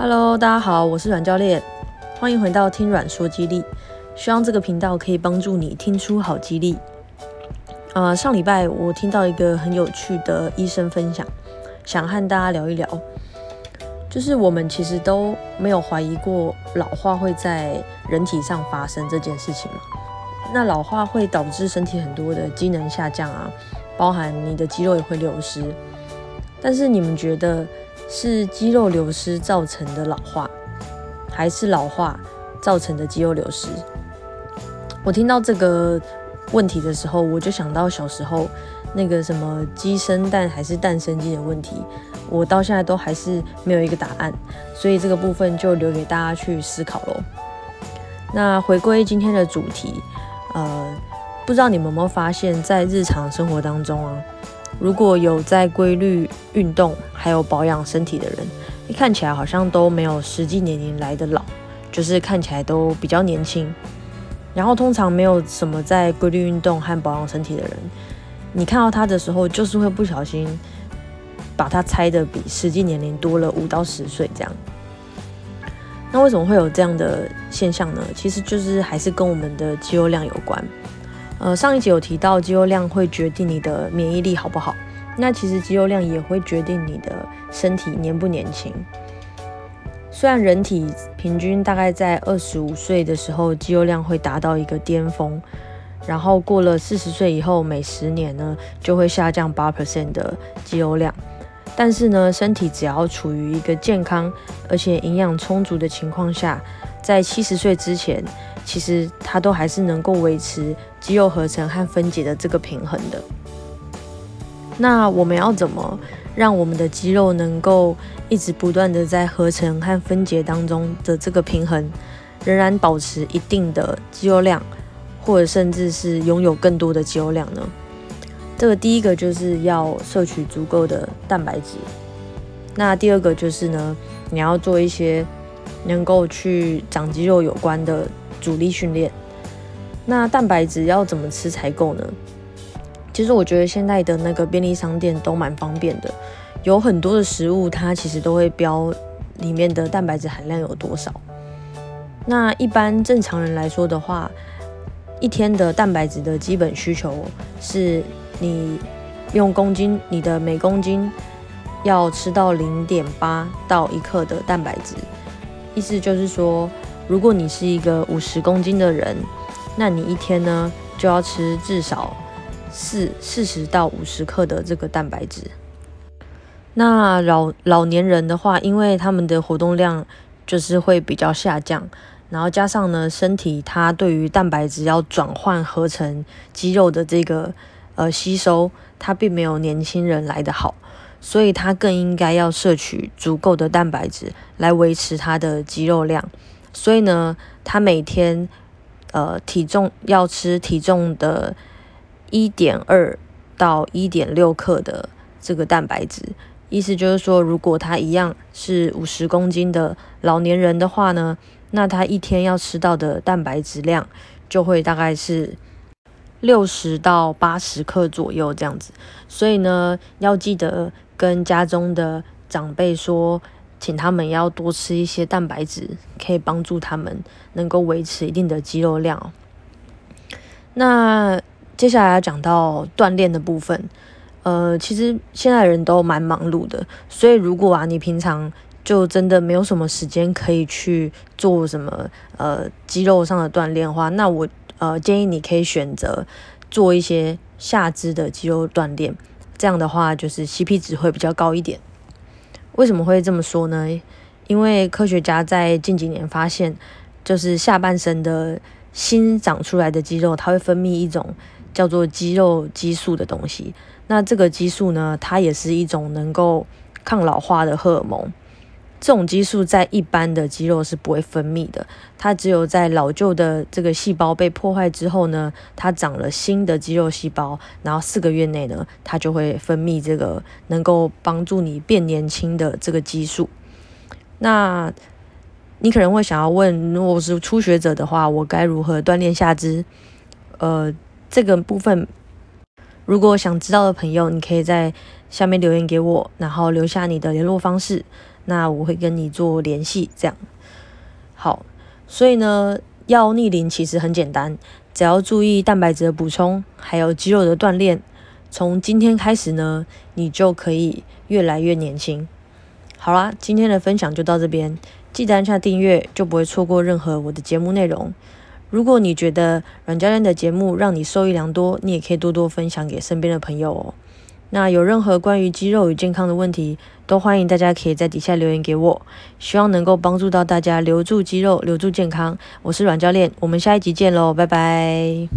哈嘍，Hello, 大家好，我是阮教練，歡迎回到聽阮說肌力。希望這個頻道可以幫助你聽出好肌力。啊、呃，上禮拜我聽到一個很有趣的醫生分享，想和大家聊一聊，就是我們其實都沒有懷疑過老化會在人體上發生這件事情嘛。那老化會導致身體很多的機能下降啊，包含你的肌肉也會流失，但是你們覺得？是肌肉流失造成的老化，還是老化造成的肌肉流失？我聽到這個問題的時候，我就想到小時候那個什麼雞生蛋還是蛋生雞的問題，我到現在都還是沒有一個答案，所以這個部分就留給大家去思考嘍。那回歸今天的主題，呃，不知道你們有沒有發現，在日常生活當中啊，如果有在規律運動還有保養身體的人，你看起來好像都沒有實際年齡來得老，就是看起來都比較年輕。然後通常沒有什麼在規律運動和保養身體的人，你看到他的時候，就是會不小心把他猜得比實際年齡多了五到十歲這樣。那為什麼會有這樣的現象呢？其實就是還是跟我們的肌肉量有關。呃，上一集有提到肌肉量會決定你的免疫力好不好，那其實肌肉量也會決定你的身體年不年輕。雖然人體平均大概在二十五歲的時候肌肉量會達到一個巔峰，然後過了四十歲以後每十年呢就會下降八 percent 的肌肉量，但是呢身體只要處於一個健康而且營養充足的情況下，在七十歲之前。其實它都還是能夠維持肌肉合成和分解的這個平衡的。那我們要怎麼讓我們的肌肉能夠一直不斷的在合成和分解當中的這個平衡，仍然保持一定的肌肉量，或者甚至是擁有更多的肌肉量呢？這個第一個就是要攝取足夠的蛋白質。那第二個就是呢，你要做一些能夠去長肌肉有關的。阻力訓練，那蛋白質要怎麼吃才夠呢？其實我覺得現在的那個便利商店都蠻方便的，有很多的食物它其實都會標裡面的蛋白質含量有多少。那一般正常人來說的話，一天的蛋白質的基本需求是你用公斤，你的每公斤要吃到零點八到一克的蛋白質，意思就是說。如果你是一個五十公斤的人，那你一天呢就要吃至少四四十到五十克的這個蛋白質。那老老年人的話，因為他們的活動量就是會比較下降，然後加上呢，身體他對於蛋白質要轉換合成肌肉的這個呃吸收，他並沒有年輕人來得好，所以他更應該要攝取足夠的蛋白質來維持他的肌肉量。所以呢，他每天，呃，體重要吃體重的一點二到一點六克的這個蛋白質。意思就是說，如果他一樣是五十公斤的老年人的話呢，那他一天要吃到的蛋白質量就會大概是六十到八十克左右這樣子。所以呢，要記得跟家中的長輩說。請他們要多吃一些蛋白質，可以幫助他們能夠維持一定的肌肉量。那接下來要講到鍛鍊的部分，呃，其實現在人都蠻忙碌的，所以如果啊，你平常就真的沒有什麼時間可以去做什麼呃肌肉上的鍛鍊的話，那我呃建議你可以選擇做一些下肢的肌肉鍛鍊，這樣的話就是 CP 值會比較高一點。為什麼會這麼說呢？因為科學家在近幾年發現，就是下半身的新長出來的肌肉，它會分泌一種叫做肌肉激素的東西。那這個激素呢，它也是一種能夠抗老化的荷爾蒙。這種激素在一般的肌肉是不會分泌的，它只有在老舊的這個細胞被破壞之後呢，它長了新的肌肉細胞，然後四個月內呢，它就會分泌這個能夠幫助你變年輕的這個激素。那你可能會想要問，如果我是初學者的話，我該如何鍛煉下肢？呃，這個部分如果想知道的朋友，你可以在下面留言給我，然後留下你的聯絡方式。那我會跟你做聯繫，這樣好。所以呢，要逆齡其實很簡單，只要注意蛋白質的補充，還有肌肉的鍛鍊。從今天開始呢，你就可以越來越年輕。好啦，今天的分享就到這邊，記得按下訂閱，就不會錯過任何我的節目內容。如果你覺得阮教練的節目讓你受益良多，你也可以多多分享給身邊的朋友哦。那有任何關於肌肉與健康的問題，都歡迎大家可以在底下留言給我，希望能夠幫助到大家留住肌肉、留住健康。我是阮教練，我們下一集見嘍，拜拜。